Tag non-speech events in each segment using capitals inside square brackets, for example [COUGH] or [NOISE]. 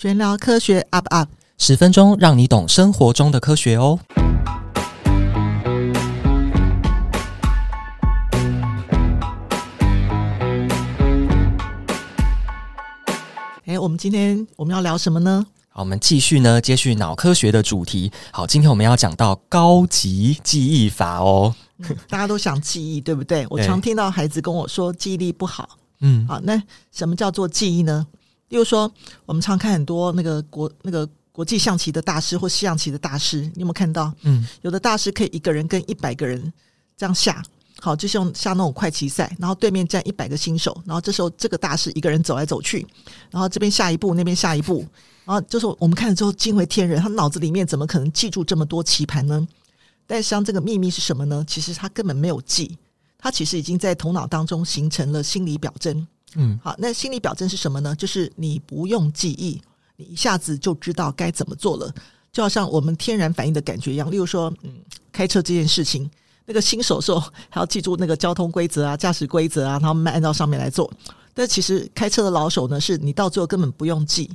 璿聊科學，up up，十分鐘讓你懂生活中的科學哦。哎，我們今天我們要聊什麼呢？好，我們繼續呢，接續腦科學的主題。好，今天我們要講到高級記憶法哦。嗯，大家都想記憶，對不對？ [LAUGHS] 對。我常聽到孩子跟我說記憶力不好。嗯，好，那什麼叫做記憶呢？例如說，我們常看很多那個國那個國際象棋的大師或西洋棋的大師，你有沒有看到？嗯，有的大師可以一個人跟一百個人這樣下，好，就像、是、下那種快棋賽，然後對面站一百個新手，然後這時候這個大師一個人走來走去，然後這邊下一步，那邊下一步，然後就是我們看了之後驚為天人，他腦子裡面怎麼可能記住這麼多棋盤呢？但像這個秘密是什麼呢？其實他根本沒有記，他其實已經在頭腦當中形成了心理表徵。嗯，好，那心理表徵是什麼呢？就是你不用記憶，你一下子就知道該怎麼做了，就好像我們天然反應的感覺一樣。例如說，嗯，開車這件事情，那個新手的時候還要記住那個交通規則啊、駕駛規則啊，然後按照上面來做。但其實開車的老手呢，是你到最後根本不用記。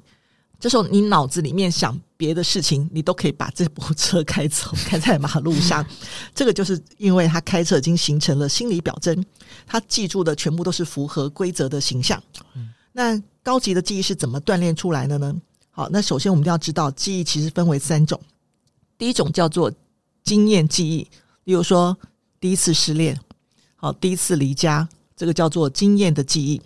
這時候你腦子裡面想別的事情，你都可以把這部車開走，開在馬路上。這個就是因為他開車已經形成了心理表徵，他記住的全部都是符合規則的形象。那高級的記憶是怎麼鍛鍊出來的呢？好，那首先我們要知道，記憶其實分為三種。第一種叫做經驗記憶，比如說第一次失戀，好，第一次離家，這個叫做經驗的記憶。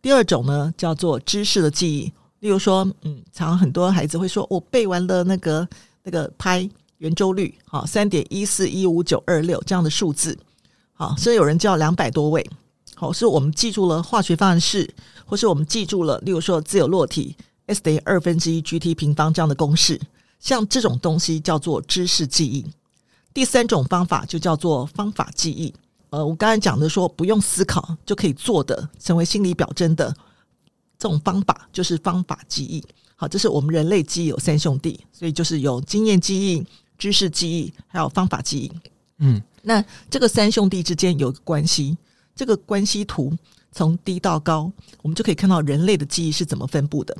第二種呢，叫做知識的記憶。例如說，嗯，常常很多孩子會說，我、哦、背完了那個那個 π 圓周率，好、哦，三點一四一五九二六這樣的數字，好、哦，所以有人叫兩百多位，好、哦，是我們記住了化學方程式，或是我們記住了，例如說自由落體 s 等於二分之一 gt 平方這樣的公式，像這種東西叫做知識記憶。第三種方法就叫做方法記憶，呃，我剛才講的說不用思考就可以做的，成為心理表徵的。這種方法就是方法記憶，好，這是我們人類記憶有三兄弟，所以就是有經驗記憶、知識記憶，還有方法記憶。嗯，那這個三兄弟之間有個關係，這個關係圖從低到高，我們就可以看到人類的記憶是怎麼分佈的。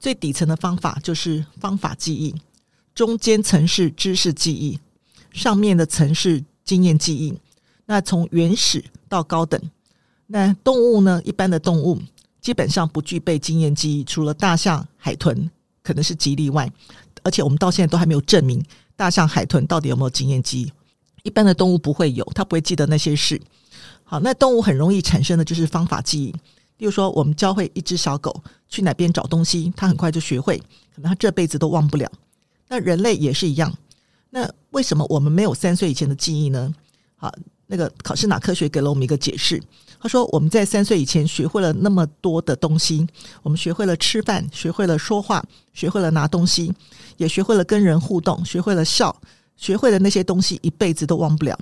最底層的方法就是方法記憶，中間層是知識記憶，上面的層是經驗記憶。那從原始到高等，那動物呢？一般的動物。基本上不具備經驗記憶，除了大象、海豚可能是幾例外，而且我們到現在都還沒有證明大象、海豚到底有沒有經驗記憶。一般的動物不會有，它不會記得那些事。好，那動物很容易產生的就是方法記憶，例如說，我們教會一只小狗去哪邊找東西，它很快就學會，可能它這輩子都忘不了。那人類也是一樣。那為什麼我們沒有三歲以前的記憶呢？好。那個考試腦科學給了我們一個解釋。他說，我們在三歲以前學會了那麼多的東西，我們學會了吃飯，學會了說話，學會了拿東西，也學會了跟人互動，學會了笑。學會的那些東西一輩子都忘不了，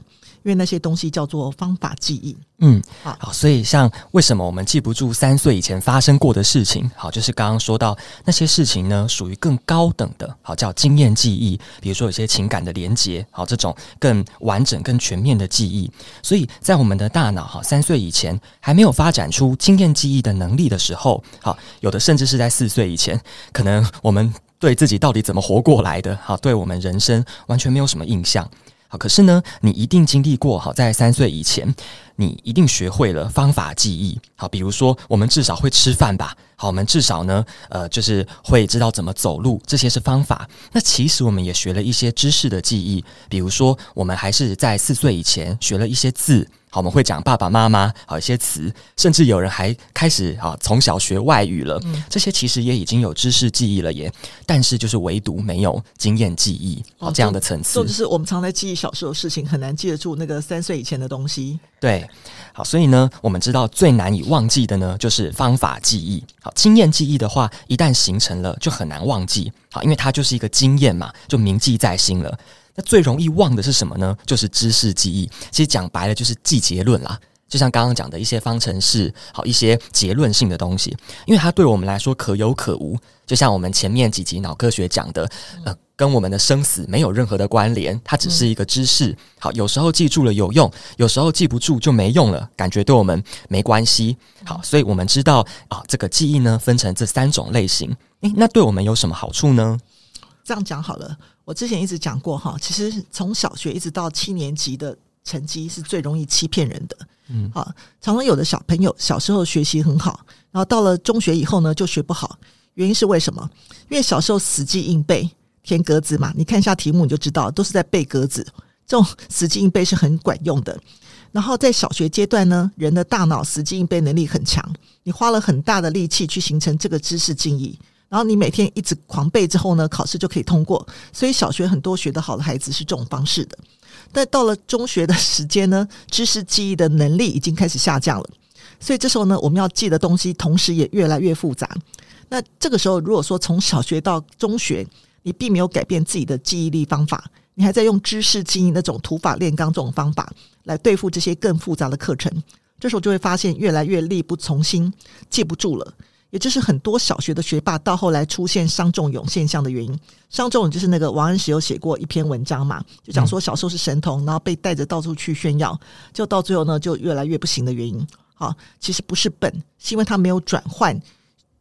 因為那些東西叫做方法記憶。嗯，好，所以像為什麼我們記不住三歲以前發生過的事情？好，就是剛剛說到那些事情呢，屬於更高等的，好叫經驗記憶。比如說有些情感的連結，好，這種更完整、更全面的記憶。所以，在我們的大腦哈，三歲以前還沒有發展出經驗記憶的能力的時候，好，有的甚至是在四歲以前，可能我們。對自己到底怎麼活過來的，好，對我們人生完全沒有什麼印象，好，可是呢，你一定經歷過，好，在三歲以前，你一定學會了方法記憶，好，比如說我們至少會吃飯吧，好，我們至少呢，呃，就是會知道怎麼走路，這些是方法，那其實我們也學了一些知識的記憶，比如說我們還是在四歲以前學了一些字。好，我們會講爸爸媽媽，好一些詞，甚至有人還開始啊，從小學外語了，嗯、這些其實也已經有知識記憶了耶，但是就是唯獨沒有經驗記憶，好，這樣的層次。所以、哦、就，就，就是我們常在記憶小時候的事情，很難記得住那個三歲以前的東西。對，好，所以呢，我們知道最難以忘記的呢，就是方法記憶。好，經驗記憶的話，一旦形成了，就很難忘記。好，因為它就是一個經驗嘛，就銘記在心了。那最容易忘的是什麼呢？就是知識記憶。其實講白了，就是記結論啦。就像剛剛講的一些方程式，好，一些結論性的東西，因為它對我們來說可有可無。就像我們前面幾集腦科學講的，呃，跟我們的生死沒有任何的關聯，它只是一個知識。好，有時候記住了有用，有時候記不住就沒用了，感覺對我們沒關係。好，所以我們知道啊，這個記憶呢分成這三種類型。欸，那對我們有什麼好處呢？這樣講好了，我之前一直講過哈，其實從小學一直到七年級的成績是最容易欺騙人的。嗯，啊，常常有的小朋友小時候學習很好，然後到了中學以後呢就學不好，原因是為什麼？因為小時候死記硬背填格子嘛，你看一下題目你就知道，都是在背格子。這種死記硬背是很管用的。然後在小學階段呢，人的大腦死記硬背能力很強，你花了很大的力氣去形成這個知識記憶。然後你每天一直狂背之後呢，考試就可以通過。所以小學很多學得好的孩子是這種方式的。但到了中學的時間呢，知識記憶的能力已經開始下降了。所以這時候呢，我們要記的東西同時也越來越複雜。那這個時候，如果說從小學到中學，你並沒有改變自己的記憶力方法，你還在用知識記憶那種土法煉鋼這種方法來對付這些更複雜的課程，這時候就會發現越來越力不從心，記不住了。也就是很多小學的學霸到後來出現傷仲永現象的原因。傷仲永就是那個王安石有寫過一篇文章嘛，就講說小時候是神童，嗯、然後被帶着到處去炫耀，就到最後呢就越來越不行的原因。好、啊，其實不是笨，是因為他沒有轉換。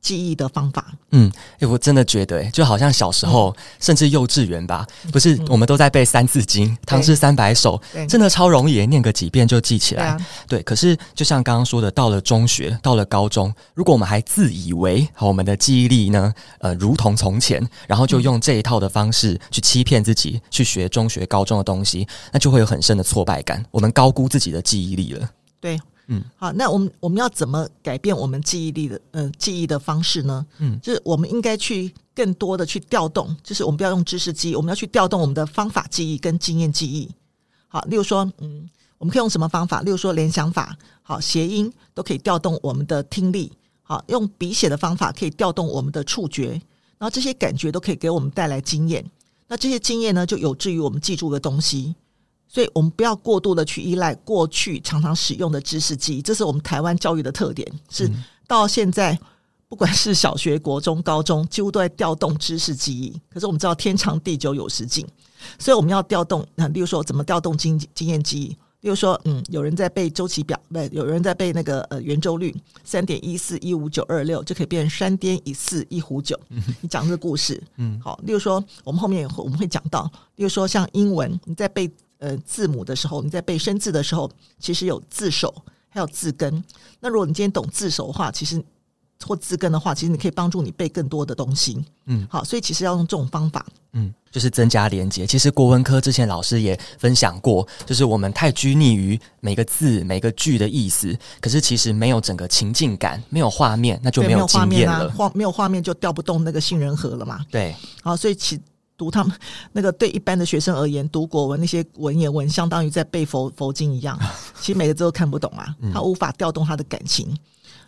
記憶的方法，嗯、欸，我真的覺得、欸，就好像小時候，嗯、甚至幼稚園吧，不是，我們都在背《三字經》、嗯《唐詩三百首》，真的超容易，念個幾遍就記起來。對啊、對，可是就像剛剛說的，到了中學，到了高中，如果我們還自以為我們的記憶力呢，呃，如同從前，然後就用這一套的方式去欺騙自己，去學中學、高中的東西，那就會有很深的挫敗感。我們高估自己的記憶力了，對。嗯，好，那我們我們要怎麼改變我們記憶力的，嗯、呃，記憶的方式呢？嗯，就是我們應該去更多的去調動，就是我們不要用知識記憶，我們要去調動我們的方法記憶跟經驗記憶。好，例如說，嗯，我們可以用什麼方法？例如說聯想法，好，諧音都可以調動我們的聽力。好，用筆寫的方法可以調動我們的觸覺，然後這些感覺都可以給我們帶來經驗。那這些經驗呢，就有助於我們記住的東西。所以我們不要過度的去依賴過去常常使用的知識記憶，這是我們台灣教育的特點。是到現在，不管是小學、國中、高中，幾乎都在調動知識記憶。可是我們知道天長地久有時盡，所以我們要調動。那例如說，怎麼調動經經驗記憶？例如說，嗯，有人在背周期表，不對，有人在背那個呃圓周率三點一四一五九二六，就可以變成山巔一寺一壺酒。你講這個故事， [LAUGHS] 嗯，好。例如說，我們後面也會我們會講到，例如說像英文，你在背。呃，字母的時候，你在背生字的時候，其實有字首，還有字根。那如果你今天懂字首的話，其實或字根的話，其實你可以幫助你背更多的東西。嗯，好，所以其實要用這種方法，嗯，就是增加連接。其實國文科之前老師也分享過，就是我們太拘泥於每個字、每個句的意思，可是其實沒有整個情境感，沒有畫面，那就沒有畫面啊。畫沒有畫面就調不動那個杏仁核了嘛。對，好，所以其。讀他們那個對一般的學生而言，讀國文那些文言文，相當於在背佛佛經一樣，其實每個字都看不懂啊，他無法調動他的感情。嗯、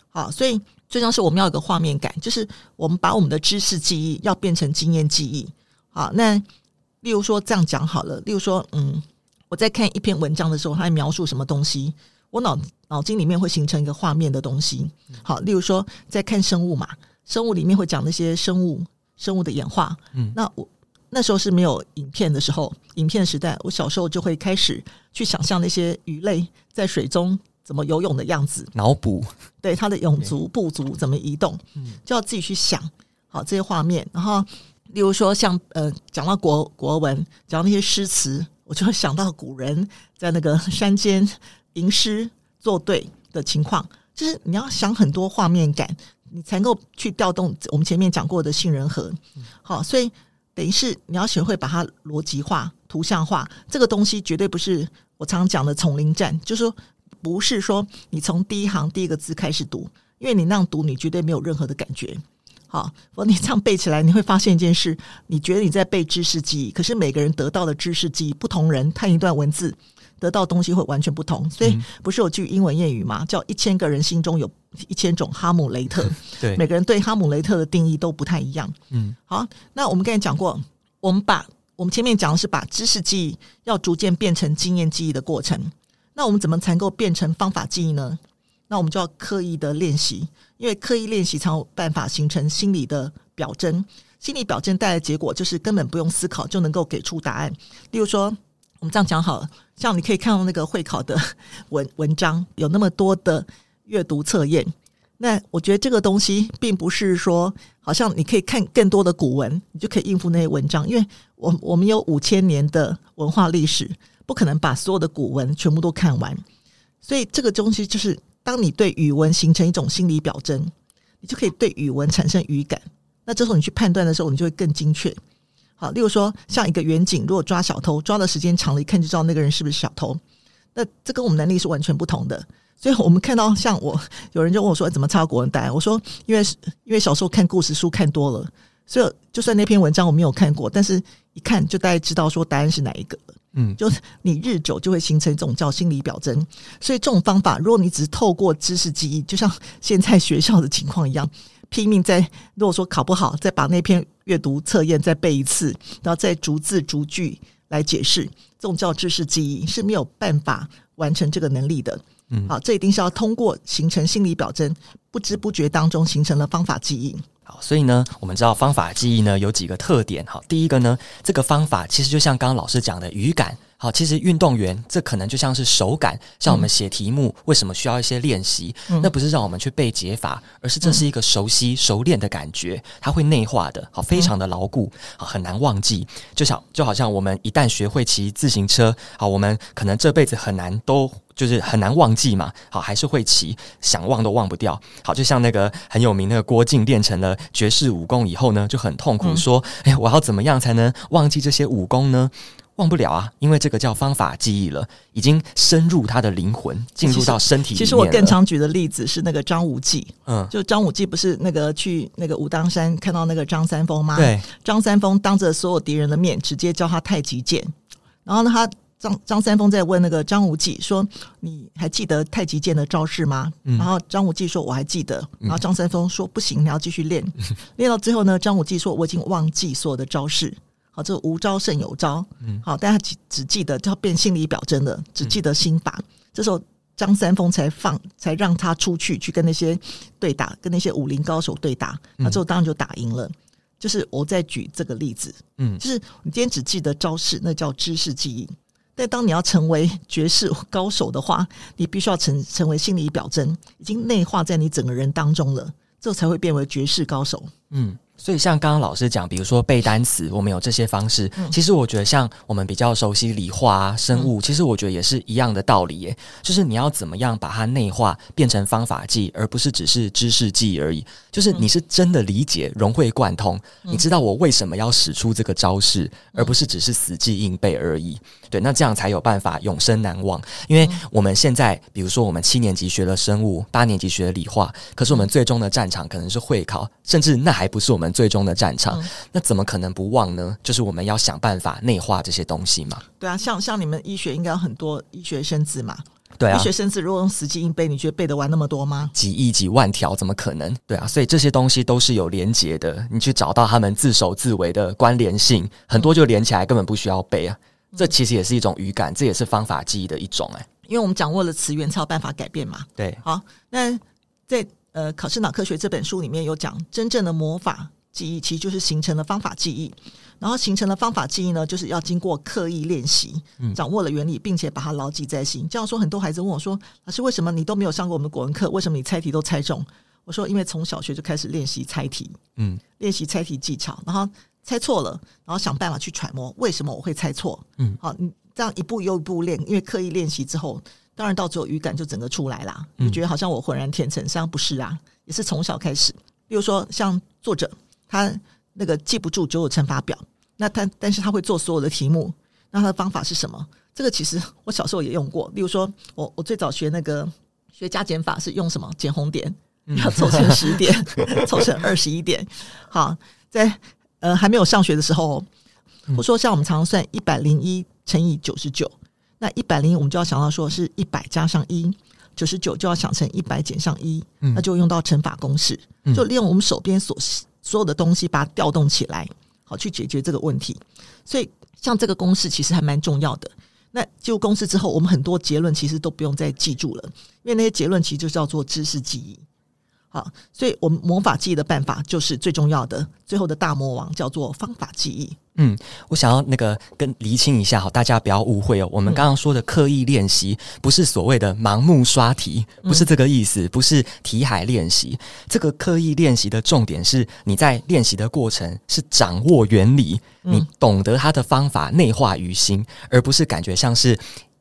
好，所以最重要是我們要有個畫面感，就是我們把我們的知識記憶要變成經驗記憶。好，那例如說這樣講好了，例如說，嗯，我在看一篇文章的時候，它在描述什麼東西，我腦腦筋裡面會形成一個畫面的東西。好，例如說在看生物嘛，生物裡面會講那些生物生物的演化，嗯，那我。那時候是沒有影片的時候，影片時代，我小時候就會開始去想象那些魚類在水中怎麼游泳的樣子，腦補，對它的泳足、步足怎麼移動，嗯，就要自己去想，好，這些畫面。然後，例如說像呃，講到國國文，講到那些詩詞，我就會想到古人在那個山間吟詩作對的情況，就是你要想很多畫面感，你才能夠去調動我們前面講過的杏仁核，嗯、好，所以。等於是你要學會把它邏輯化、圖像化，這個東西絕對不是我常常講的叢林戰，就是說不是說你從第一行第一個字開始讀，因為你那樣讀，你絕對沒有任何的感覺。好，我說你這樣背起來，你會發現一件事，你覺得你在背知識記憶，可是每個人得到的知識記憶，不同人看一段文字得到的東西會完全不同。所以不是有句英文諺語嗎？叫一千個人心中有一千種《哈姆雷特》。嗯，對每個人對《哈姆雷特》的定義都不太一樣。嗯，好，那我們剛才講過，我們把我們前面講的是把知識記憶要逐漸變成經驗記憶的過程。那我們怎麼才能夠變成方法記憶呢？那我們就要刻意的練習，因為刻意練習才有辦法形成心理的表徵。心理表徵帶來的結果就是根本不用思考就能夠給出答案。例如說，我們這樣講好了，像你可以看到那個會考的文文章有那麼多的，閱讀測驗，那我覺得這個東西並不是說，好像你可以看更多的古文，你就可以應付那些文章。因為我我們有五千年的文化歷史，不可能把所有的古文全部都看完。所以這個東西就是，當你對語文形成一種心理表徵，你就可以對語文產生語感。那這時候你去判斷的時候，你就會更精確。好，例如說像一個員警，如果抓小偷，抓的時間長了，一看就知道那個人是不是小偷。那這跟我們能力是完全不同的。所以我們看到，像我有人就問我說：“哎、怎麼猜國文答案？”我說：“因為因為小時候看故事書看多了，所以就算那篇文章我沒有看過，但是一看就大概知道說答案是哪一個。”嗯，就是你日久就會形成一種叫心理表徵。所以這種方法，如果你只是透過知識記憶，就像現在學校的情況一樣，拼命在如果說考不好，再把那篇閱讀測驗再背一次，然後再逐字逐句來解釋，這種叫知識記憶是沒有辦法完成這個能力的。嗯，好，這一定是要通過形成心理表徵，不知不覺當中形成了方法記憶。好，所以呢，我們知道方法記憶呢有幾個特點。好，第一個呢，這個方法其實就像剛剛老師講的語感。好，其實運動員這可能就像是手感，像我們寫題目、嗯、為什麼需要一些練習？嗯、那不是讓我們去背解法，而是這是一個熟悉、熟練的感覺，嗯、它會內化的，好，非常的牢固，好，很難忘記。就像就好像我們一旦學會騎自行車，好，我們可能這輩子很難都就是很難忘記嘛，好，還是會騎，想忘都忘不掉。好，就像那個很有名那個郭靖練成了絕世武功以後呢，就很痛苦，說：“哎、嗯，我要怎麼樣才能忘記這些武功呢？”忘不了啊，因為這個叫方法記憶了，已經深入他的靈魂，進入到身體裡面了其。其實我更常舉的例子是那個張無忌，嗯，就張無忌不是那個去那個武當山看到那個張三丰嗎？對，張三丰當着所有敵人的面直接叫他太極劍。然後呢，他張張三丰在問那個張無忌說：“你還記得太極劍的招式嗎？”嗯，然後張無忌說：“我還記得。”然後張三丰說：“不行，你要繼續練。”嗯，練到最後呢，張無忌說：“我已經忘記所有的招式。”這無招勝有招，好、嗯，但他只記得叫變心理表徵了，只記得心法。嗯、這時候張三豐才放，才讓他出去去跟那些對打，跟那些武林高手對打。他之、嗯、後當然就打贏了。就是我再舉這個例子，嗯，就是你今天只記得招式，那叫知識記憶。但當你要成為絕世高手的話，你必須要成成為心理表徵，已經內化在你整個人當中了，之後才會變為絕世高手。嗯。所以，像剛剛老師講，比如說背單詞，我們有這些方式。嗯、其實，我覺得像我們比較熟悉理化、啊、生物，嗯、其實我覺得也是一樣的道理耶。就是你要怎麼樣把它內化，變成方法記，而不是只是知識記而已。就是你是真的理解、融會貫通，嗯、你知道我為什麼要使出這個招式，而不是只是死記硬背而已。對，那這樣才有辦法永生難忘。因為我們現在，比如說我們七年級學了生物，八年級學了理化，可是我們最終的戰場可能是會考，甚至那還不是我們最終的戰場，嗯、那怎麼可能不忘呢？就是我們要想辦法內化這些東西嘛。對啊，像像你們醫學應該有很多醫學生字嘛。對啊，醫學生字如果用死記硬背，你覺得背得完那麼多嗎？幾億幾萬條，怎麼可能？對啊，所以這些東西都是有連接的，你去找到他們自首自為的關聯性，很多就連起來，根本不需要背啊。這其實也是一種語感，這也是方法記憶的一種哎、欸。因為我們掌握了詞源，才有辦法改變嘛。對，好，那在呃《考試腦科學》這本書裡面有講，真正的魔法記憶其實就是形成了方法記憶，然後形成了方法記憶呢，就是要經過刻意練習，掌握了原理，並且把它牢記在心。嗯、這樣說，很多孩子問我說：“老師，為什麼你都沒有上過我們國文課，為什麼你猜題都猜中？”我說：“因為從小學就開始練習猜題，嗯，練習猜題技巧，然後。”猜錯了，然後想辦法去揣摩為什麼我會猜錯。嗯，好，你這樣一步又一步練，因為刻意練習之後，當然到最後語感就整個出來啦。你、嗯、覺得好像我渾然天成，實際上不是啊，也是從小開始。比如說像作者，他那個記不住九九乘法表，那他但是他會做所有的題目，那他的方法是什麼？這個其實我小時候也用過。例如說，我我最早學那個學加減法是用什麼？減紅點，要湊成十點，嗯、 [LAUGHS] [LAUGHS] 湊成二十一點。好，在呃，還沒有上學的時候，我說像我們常常算一百零一乘以九十九，那一百零一我們就要想到說是一百加上一，九十九就要想成一百減上一，1, 嗯、那就用到乘法公式，就利用我們手邊所所有的東西把它調動起來，好去解決這個問題。所以像這個公式其實還蠻重要的。那進入公式之後，我們很多結論其實都不用再記住了，因為那些結論其實就叫做知識記憶。好，所以我們魔法記憶的辦法就是最重要的，最後的大魔王叫做方法記憶。嗯，我想要那個跟釐清一下，好，大家不要誤會哦。我們剛剛說的刻意練習，不是所謂的盲目刷題，嗯、不是這個意思，不是題海練習。嗯、這個刻意練習的重點是，你在練習的過程是掌握原理，嗯、你懂得它的方法，內化於心，而不是感覺像是。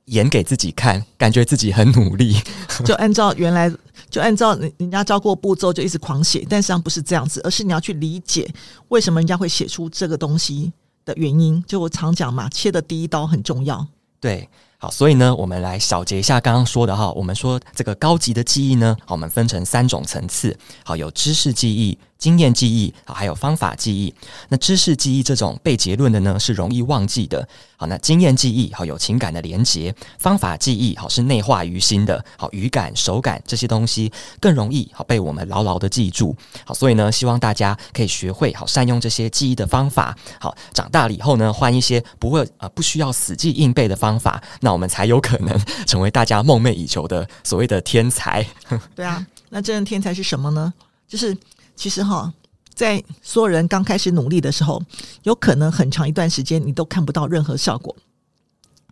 演給自己看，感覺自己很努力， [LAUGHS] 就按照原來，就按照人家教過步驟，就一直狂寫。但實際上不是這樣子，而是你要去理解為什麼人家會寫出這個東西的原因。就我常講嘛，切的第一刀很重要。對，好，所以呢，我們來小結一下剛剛說的哈。我們說這個高級的記憶呢，好，我們分成三種層次，好，有知識記憶。經驗記憶好，還有方法記憶。那知識記憶這種背結論的呢，是容易忘記的。好，那經驗記憶好，有情感的連結，方法記憶好是內化於心的。好，語感、手感這些東西更容易好被我們牢牢的記住。好，所以呢，希望大家可以學會好善用這些記憶的方法。好，長大了以後呢，換一些不會啊、呃、不需要死記硬背的方法，那我們才有可能成為大家夢寐以求的所謂的天才。 [LAUGHS] 對啊，那真正天才是什麼呢？就是。其實哈哦，在所有人剛開始努力的時候，有可能很長一段時間你都看不到任何效果。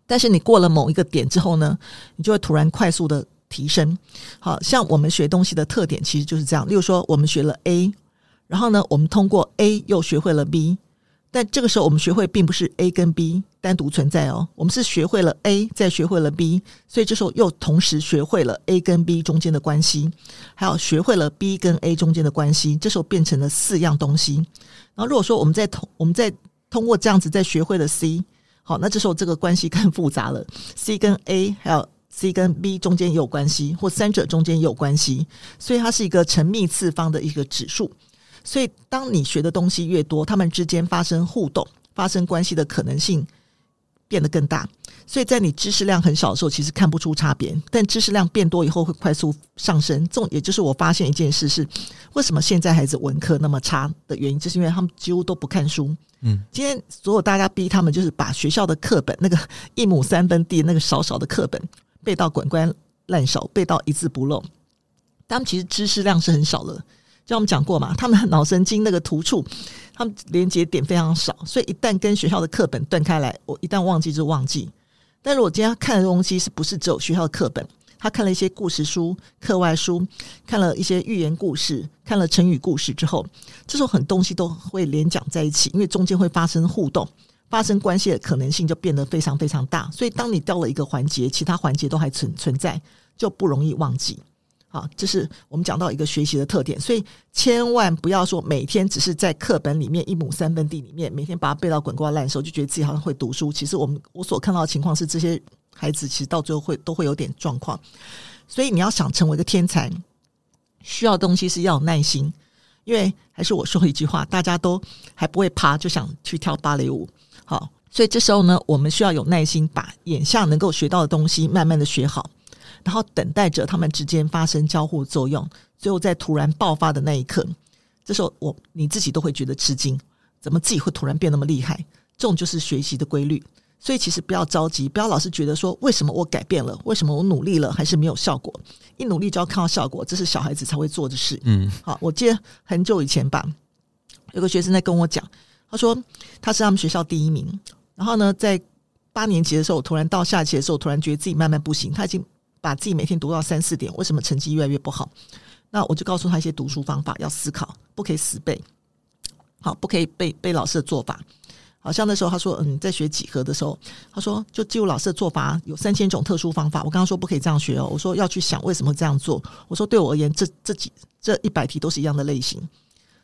但是你過了某一個點之後呢，你就會突然快速的提升。好像我們學東西的特點其實就是這樣。例如說，我們學了 A，然後呢，我們通過 A 又學會了 B，但這個時候我們學會並不是 A 跟 B。單獨存在哦，我們是學會了 A，再學會了 B，所以這時候又同時學會了 A 跟 B 中間的關係，還有學會了 B 跟 A 中間的關係，這時候變成了四樣東西。然後如果說我們再通，我們再通過這樣子再學會了 C，好，那這時候這個關係更複雜了，C 跟 A 還有 C 跟 B 中間也有關係，或三者中間也有關係，所以它是一個乘冪次方的一個指數。所以當你學的東西越多，他們之間發生互動、發生關係的可能性。變得更大，所以在你知識量很少的時候，其實看不出差別。但知識量變多以後，會快速上升。這也就是我發現一件事是：是為什麼現在孩子文科那麼差的原因，就是因為他們幾乎都不看書。嗯，今天所有大家逼他們，就是把學校的課本那個一畝三分地那個少少的課本背到滾瓜爛熟，背到一字不漏。他們其實知識量是很少的，就像我們講過嘛，他們腦神經那個突觸。他們連接點非常少，所以一旦跟學校的課本斷開來，我一旦忘記就忘記。但是我今天看的東西是不是只有學校的課本？他看了一些故事書、課外書，看了一些寓言故事，看了成語故事之後，這時候很多東西都會連講在一起，因為中間會發生互動，發生關係的可能性就變得非常非常大。所以，當你掉了一個環節，其他環節都還存存在，就不容易忘記。好，這是我們講到一個學習的特點，所以千萬不要說每天只是在課本裡面一畝三分地裡面，每天把它背到滾瓜爛熟，就覺得自己好像會讀書。其實我們我所看到的情況是，這些孩子其實到最後會都會有點狀況。所以你要想成為一個天才，需要的東西是要有耐心，因為還是我說一句話，大家都還不會爬，就想去跳芭蕾舞。好，所以這時候呢，我們需要有耐心，把眼下能夠學到的東西慢慢的學好。然後等待着他們之間發生交互作用，最後在突然爆發的那一刻，這時候我你自己都會覺得吃驚，怎麼自己會突然變那麼厲害？這種就是學習的規律。所以其實不要着急，不要老是覺得說為什麼我改變了，為什麼我努力了還是沒有效果？一努力就要看到效果，這是小孩子才會做的事。嗯，好，我記得很久以前吧，有個學生在跟我講，他說他是他們學校第一名，然後呢，在八年級的時候，我突然到下期的時候，我突然覺得自己慢慢不行，他已經。把自己每天讀到三四點，為什麼成績越來越不好？那我就告訴他一些讀書方法，要思考，不可以死背。好，不可以背背老師的做法。好像那時候他說，嗯，在學幾何的時候，他說就記錄老師的做法，有三千種特殊方法。我剛剛說不可以這樣學哦，我說要去想為什麼這樣做。我說對我而言，這這幾這一百題都是一樣的類型。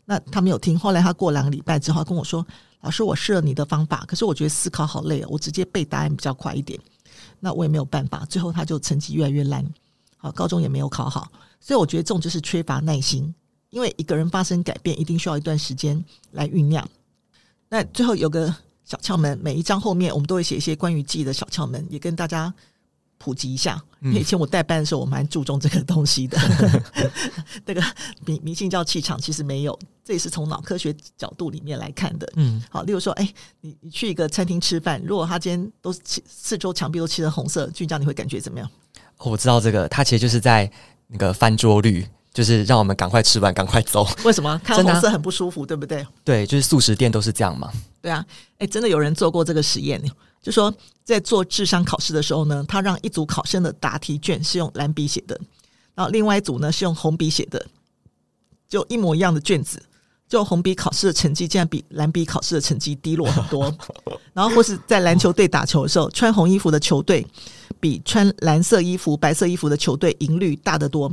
那他沒有聽。後來他過兩個禮拜之後他跟我說，老師，我試了你的方法，可是我覺得思考好累哦，我直接背答案比較快一點。那我也沒有辦法，最後他就成績越來越爛，好，高中也沒有考好，所以我覺得這種就是缺乏耐心，因為一個人發生改變一定需要一段時間來醞釀。那最後有個小竅門，每一章後面我們都會寫一些關於記憶的小竅門，也跟大家。普及一下，以前我帶班的時候，我蠻注重這個東西的。嗯、 [LAUGHS] 那個明明星叫氣場，其實沒有，這也是從腦科學角度裡面來看的。嗯，好，例如說，哎、欸，你你去一個餐廳吃飯，如果他今天都漆四周牆壁都漆成紅色，就這樣，你會感覺怎麼樣？哦，我知道這個，他其實就是在那個翻桌率，就是讓我們趕快吃完，趕快走。為什麼？看他紅色很不舒服，啊、對不對？對，就是速食店都是這樣嘛。對啊，誒、欸，真的有人做過這個實驗，就說。在做智商考試的時候呢，他讓一組考生的答題卷是用藍筆寫的，然後另外一組呢是用紅筆寫的，就一模一樣的卷子，就紅筆考試的成績竟然比藍筆考試的成績低落很多。然後或是在籃球隊打球的時候，穿紅衣服的球隊比穿藍色衣服、白色衣服的球隊贏率大得多。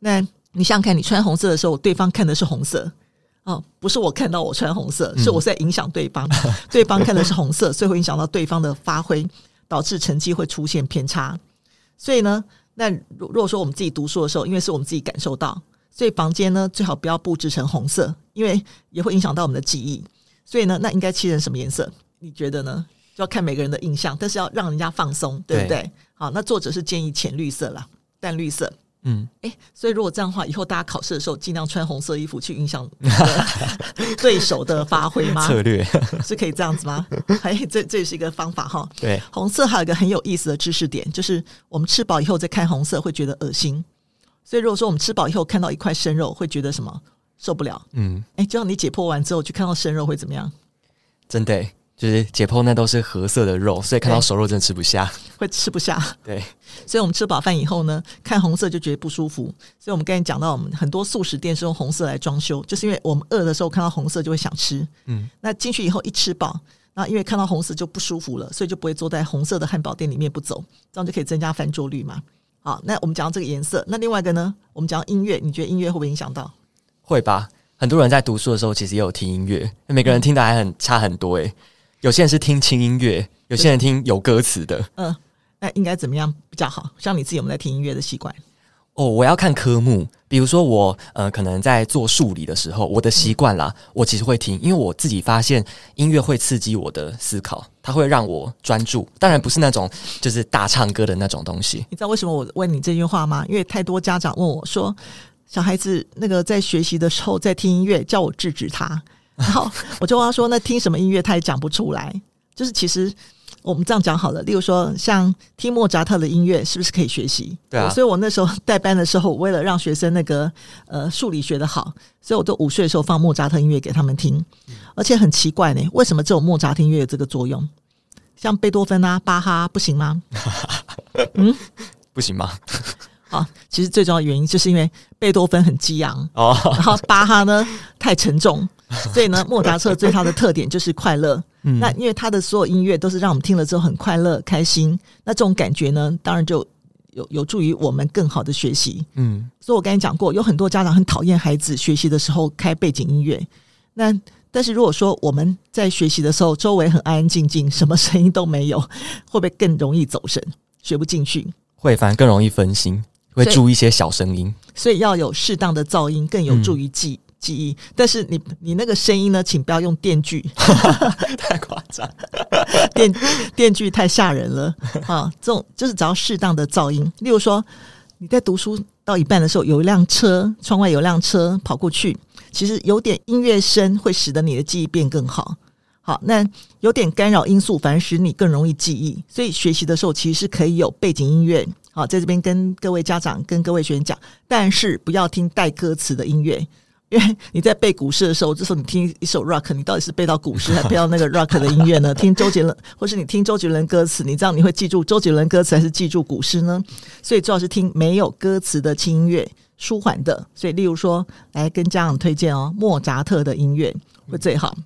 那你想想看，你穿紅色的時候，對方看的是紅色。哦，不是我看到我穿紅色，是我是在影響對方，嗯、 [LAUGHS] 對方看的是紅色，所以會影響到對方的發揮，導致成績會出現偏差。所以呢，那如果說我們自己讀書的時候，因為是我們自己感受到，所以房間呢最好不要布置成紅色，因為也會影響到我們的記憶。所以呢，那應該漆成什麼顏色？你覺得呢？就要看每個人的印象，但是要讓人家放鬆，對不對？嘿好，那作者是建議淺綠色啦，淡綠色。嗯，哎、欸，所以如果這樣的話，以後大家考試的時候儘量穿紅色衣服去影響對手的發揮嗎？ [LAUGHS] 策略。 [LAUGHS] 是可以這樣子嗎？哎，這這也是一個方法哈。對，紅色還有一個很有意思的知識點，就是我們吃飽以後再看紅色會覺得噁心，所以如果說我們吃飽以後看到一塊生肉會覺得什麼？受不了。嗯，哎、欸，就像你解剖完之後去看到生肉會怎麼樣？真的。就是解剖那都是褐色的肉，所以看到熟肉真的吃不下，會吃不下。對，所以我們吃飽飯以後呢，看紅色就覺得不舒服。所以我們剛才講到，我們很多速食店是用紅色來裝修，就是因為我們餓的時候看到紅色就會想吃。嗯，那進去以後一吃飽，然後因為看到紅色就不舒服了，所以就不會坐在紅色的漢堡店裡面不走，這樣就可以增加翻桌率嘛。好，那我們講到這個顏色，那另外一個呢，我們講到音樂，你覺得音樂會不會影響到？會吧，很多人在讀書的時候其實也有聽音樂，每個人聽的還很、嗯、差很多誒、欸。有些人是聽輕音樂，有些人聽有歌詞的。嗯、呃，那應該怎麼樣比較好？像你自己，有沒有在聽音樂的習慣？哦，我要看科目，比如說我，呃，可能在做數理的時候，我的習慣啦，嗯、我其實會聽，因為我自己發現音樂會刺激我的思考，它會讓我專注。當然不是那種就是大唱歌的那種東西。你知道為什麼我問你這句話嗎？因為太多家長問我說，小孩子那個在學習的時候在聽音樂，叫我制止他。 [LAUGHS] 然後我就問他說：“那聽什麼音樂？”他也講不出來。就是其實我們這樣講好了，例如說像聽莫扎特的音樂，是不是可以學習？對啊。所以我那時候代班的時候，為了讓學生那個呃數理學得好，所以我就午睡的時候放莫扎特音樂給他們聽，而且很奇怪呢，為什麼只有莫扎特音樂有這個作用？像貝多芬吶、啊、巴哈不行嗎？嗯，不行嗎？好，其實最重要的原因就是因為貝多芬很激昂哦， [LAUGHS] 然後巴哈呢，太沉重。 [LAUGHS] 所以呢，莫扎特最大的特點就是快樂。 [LAUGHS] 嗯、那因為他的所有音樂都是讓我們聽了之後很快樂、開心。那這種感覺呢，當然就有有助於我們更好的學習。嗯，所以我剛才講過，有很多家長很討厭孩子學習的時候開背景音樂。那但是如果說我們在學習的時候周圍很安安靜靜，什麼聲音都沒有，會不會更容易走神、學不進去？會，反而更容易分心，會注意一些小聲音。所以，所以要有適當的噪音，更有助於記。嗯記憶，但是你你那個聲音呢？請不要用電鋸， [LAUGHS] 太誇誇張張， [LAUGHS] 電電鋸太嚇人了啊！這種就是只要適當的噪音，例如說你在讀書到一半的時候，有一輛車窗外有輛車跑過去，其實有點音樂聲會使得你的記憶變更好。好、啊，那有點干擾因素反而使你更容易記憶，所以學習的時候其實可以有背景音樂。好、啊，在這邊跟各位家長、跟各位學員講，但是不要聽帶歌詞的音樂。因為你在背古詩的時候，這時候你聽一首 rock，你到底是背到古詩，還背到那個 rock 的音樂呢？ [LAUGHS] 聽周杰倫，或是你聽周杰倫歌詞，你知道你會記住周杰倫歌詞，還是記住古詩呢？所以最好是聽沒有歌詞的輕音樂，舒緩的。所以，例如說，來、哎、跟家長推薦哦，莫扎特的音樂會最好。嗯、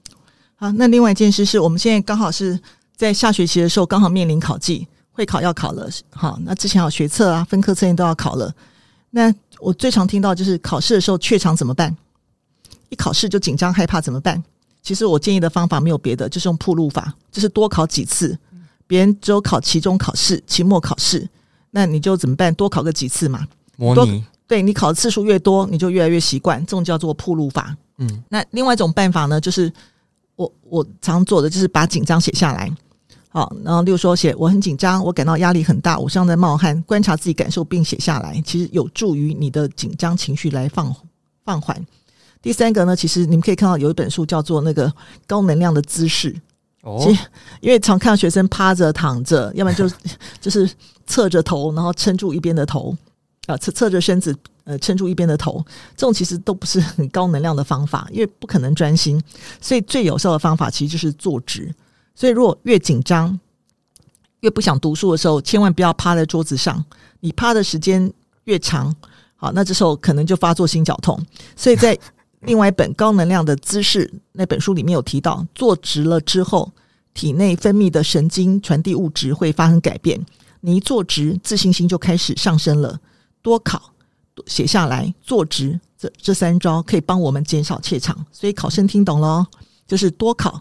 好，那另外一件事是我們現在剛好是在下學期的時候，剛好面臨考季，會考要考了。好，那之前有學測啊，分科測驗都要考了。那我最常聽到就是考試的時候怯場怎麼辦？你考試就緊張害怕怎麼辦？其實我建議的方法沒有別的，就是用曝露法，就是多考幾次。別人只有考期中考試、期末考試，那你就怎麼辦？多考個幾次嘛，模擬。對，你考的次數越多，你就越來越習慣，這種叫做曝露法。嗯，那另外一種辦法呢，就是我我常做的就是把緊張寫下來。好，然後例如說寫我很緊張，我感到壓力很大，我像在冒汗，觀察自己感受並寫下來，其實有助於你的緊張情緒來放放緩。第三個呢，其實你們可以看到有一本書叫做《那個高能量的姿勢》哦，其實因為常看到學生趴着、躺着，要不然就就是側着頭，然後撐住一邊的頭啊、呃，側側着身子呃，撐住一邊的頭，這種其實都不是很高能量的方法，因為不可能專心，所以最有效的方法其實就是坐直。所以如果越緊張越不想讀書的時候，千萬不要趴在桌子上，你趴的時間越長，好，那這時候可能就發作心絞痛，所以在。 [LAUGHS] 另外一本高能量的姿勢，那本書裡面有提到，坐直了之後，體內分泌的神經傳遞物質會發生改變。你一坐直，自信心就開始上升了。多考，寫下來，坐直，這這三招可以幫我們減少怯場。所以考生聽懂了哦，就是多考，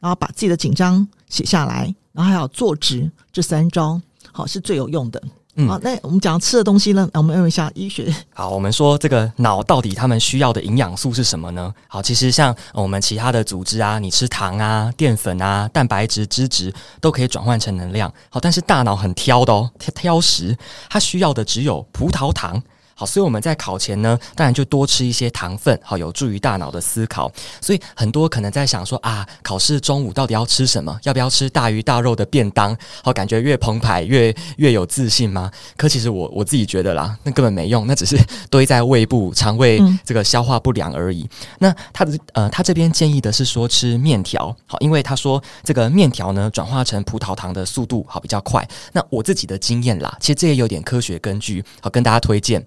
然後把自己的緊張寫下來，然後還有坐直，這三招好，是最有用的。嗯、好，那我們講吃的東西呢？我們用一下醫學。好，我們說這個腦到底他們需要的營養素是什麼呢？好，其實像我們其他的組織啊，你吃糖啊、澱粉啊、蛋白質、脂質都可以轉換成能量。好，但是大腦很挑的哦，挑食，它需要的只有葡萄糖。好，所以我們在考前呢，當然就多吃一些糖分，好，有助於大腦的思考。所以很多可能在想說啊，考試中午到底要吃什麼？要不要吃大魚大肉的便當？好，感覺越澎湃越越有自信嗎？可其實我我自己覺得啦，那根本沒用，那只是堆在胃部、腸胃這個消化不良而已。嗯。那他的呃，他這邊建議的是說吃麵條，好，因為他說這個麵條呢轉化成葡萄糖的速度好比較快。那我自己的經驗啦，其實這也有點科學根據，好，跟大家推薦。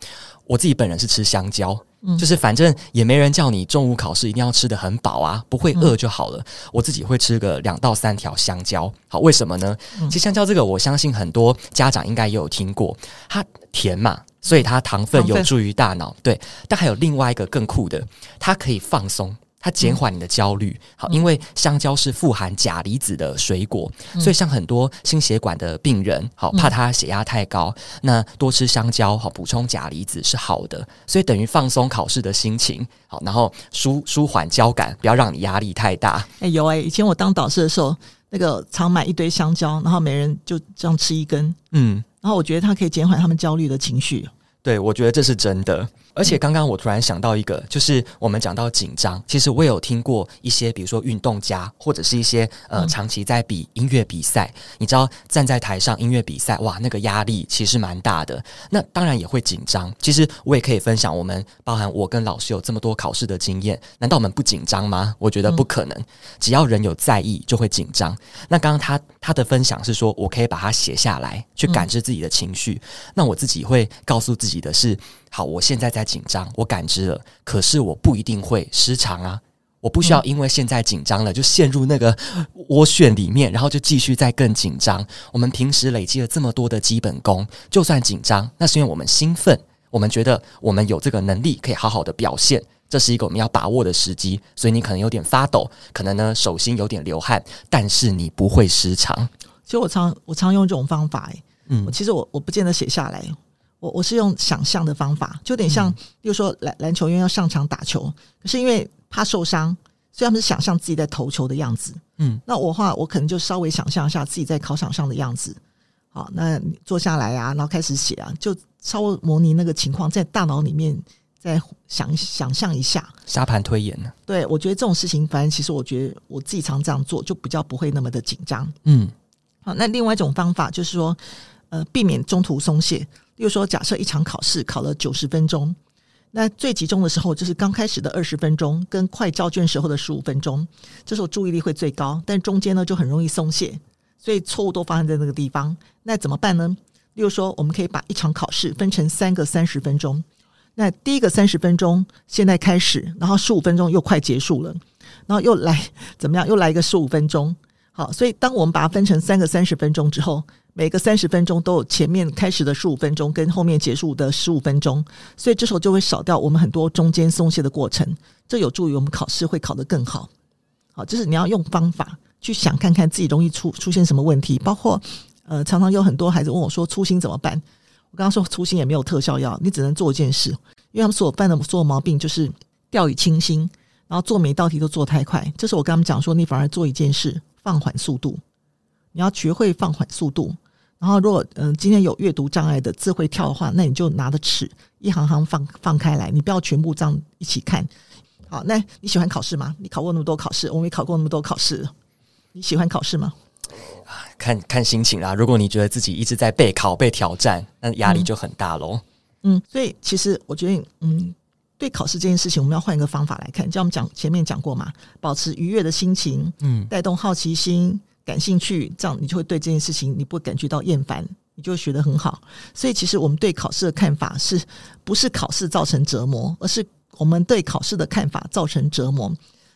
我自己本人是吃香蕉，嗯、就是反正也沒人叫你中午考試一定要吃得很飽啊，不會餓就好了。嗯、我自己會吃個兩到三條香蕉，好，為什麼呢？嗯、其實香蕉這個，我相信很多家長應該也有聽過，它甜嘛，所以它糖分有助於大腦，糖分、對。但還有另外一個更酷的，它可以放鬆。它減緩你的焦慮，嗯、好，因為香蕉是富含鉀離子的水果，嗯、所以像很多心血管的病人，好，怕他血壓太高，嗯、那多吃香蕉，好，補充鉀離子是好的，所以等於放鬆考試的心情，好，然後舒舒緩交感，不要讓你壓力太大。哎、欸，有哎、欸，以前我當導師的時候，那個常買一堆香蕉，然後每人就這樣吃一根，嗯，然後我覺得它可以減緩他們焦慮的情緒。對，我覺得這是真的。而且剛剛我突然想到一個，嗯、就是我們講到緊張，其實我也有聽過一些，比如說運動家或者是一些呃長期在比音樂比賽，嗯、你知道站在台上音樂比賽，哇，那個壓力其實蠻大的。那當然也會緊張。其實我也可以分享，我們包含我跟老師有這麼多考試的經驗，難道我們不緊張嗎？我覺得不可能，嗯、只要人有在意就會緊張。那剛剛他他的分享是說我可以把它寫下來，去感知自己的情緒，嗯、那我自己會告訴自己。己的是，好，我現在在緊張，我感知了，可是我不一定會失常啊！我不需要因為現在緊張了就陷入那個渦旋裡面，然後就繼續再更緊張。我們平時累積了這麼多的基本功，就算緊張，那是因為我們興奮，我們覺得我們有這個能力可以好好的表現，這是一個我們要把握的時機。所以你可能有點發抖，可能呢手心有點流汗，但是你不會失常。其實我常我常用這種方法，欸，嗯，其實我我不見得寫下來。我我是用想象的方法，就有點像，又、嗯、說籃籃球員要上場打球，可是因為怕受傷，所以他們是想象自己在投球的樣子。嗯，那我的話我可能就稍微想象一下自己在考場上的樣子。好，那你坐下來啊，然後開始寫啊，就稍微模擬那個情況，在大腦裡面再想一想象一下沙盤推演呢。對，我覺得這種事情，反正其實我覺得我自己常這樣做，就比較不會那麼的緊張。嗯，好，那另外一種方法就是說，呃，避免中途鬆懈。例如說，假設一場考試考了九十分鐘，那最集中的時候就是剛開始的二十分鐘，跟快交卷時候的十五分鐘，這時候注意力會最高，但中間呢，就很容易鬆懈，所以錯誤都發生在那個地方。那怎麼辦呢？例如說，我們可以把一場考試分成三個三十分鐘，那第一個三十分鐘現在開始，然後十五分鐘又快結束了，然後又來怎麼樣？又來一個十五分鐘。好，所以當我們把它分成三個三十分鐘之後。每個三十分鐘都有前面開始的十五分鐘跟後面結束的十五分鐘，所以這時候就會少掉我們很多中間鬆懈的過程，這有助於我們考試會考得更好。好，就是你要用方法去想看看自己容易出出現什麼問題，包括呃，常常有很多孩子問我說粗心怎麼辦？我剛剛說粗心也沒有特效藥，你只能做一件事，因為他們所犯的所有毛病就是掉以輕心，然後做每一道題都做太快。這是我跟他們講說，你反而做一件事，放緩速度。你要學會放緩速度，然後如果嗯、呃、今天有閱讀障礙的字會跳的話，那你就拿着尺一行行放放開來，你不要全部這樣一起看。好，那你喜歡考試嗎？你考過那麼多考試，我沒考過那麼多考試，你喜歡考試嗎？看看心情啦，如果你覺得自己一直在備考、被挑戰，那壓力就很大嘍、嗯。嗯，所以其實我覺得，嗯，對考試這件事情，我們要換一個方法來看。就像我們講前面講過嘛，保持愉悅的心情，嗯，帶動好奇心。嗯感興趣，這樣你就會對這件事情你不會感覺到厭煩，你就會學得很好。所以，其實我們對考試的看法是不是考試造成折磨，而是我們對考試的看法造成折磨。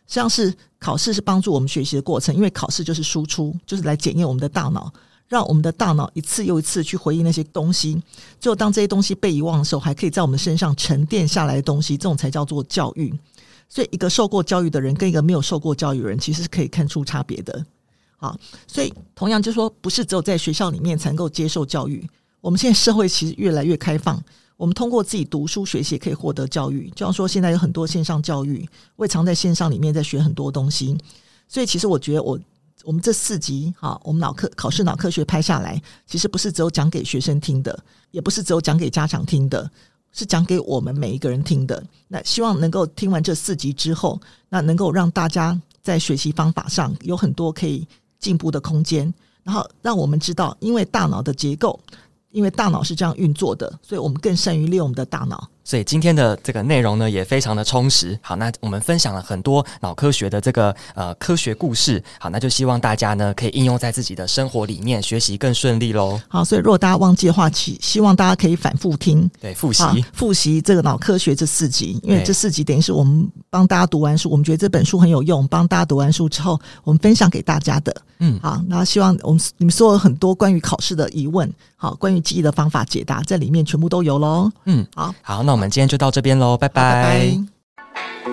像是考試是幫助我們學習的過程，因為考試就是輸出，就是來檢驗我們的大腦，讓我們的大腦一次又一次去回憶那些東西。最後，當這些東西被遺忘的時候，還可以在我們身上沉澱下來的東西，這種才叫做教育。所以，一個受過教育的人跟一個沒有受過教育的人，其實是可以看出差別的。啊，所以同樣就是說，不是只有在學校裡面才能夠接受教育。我們現在社會其實越來越開放，我們通過自己讀書學習可以獲得教育。就像說，現在有很多線上教育，我也常在線上裡面在學很多東西。所以，其實我覺得我，我我們這四集哈，我們腦科考試腦科學拍下來，其實不是只有講給學生聽的，也不是只有講給家長聽的，是講給我們每一個人聽的。那希望能夠聽完這四集之後，那能夠讓大家在學習方法上有很多可以。進步的空間，然後讓我們知道，因為大腦的結構，因為大腦是這樣運作的，所以我們更善於利用我們的大腦。所以今天的這個內容呢，也非常的充實。好，那我們分享了很多腦科學的這個呃科學故事。好，那就希望大家呢，可以應用在自己的生活裡面，學習更順利嘍。好，所以如果大家忘記的話，希希望大家可以反復聽，對，複習複習這個腦科學這四集，因為這四集等於是我們幫大家讀完書，我們覺得這本書很有用，幫大家讀完書之後，我們分享給大家的。嗯，好，那希望我們你們說了很多關於考試的疑問，好，關於記憶的方法解答，在裡面全部都有嘍。嗯，好好那。那我們今天就到這邊嘍，好拜拜。拜拜。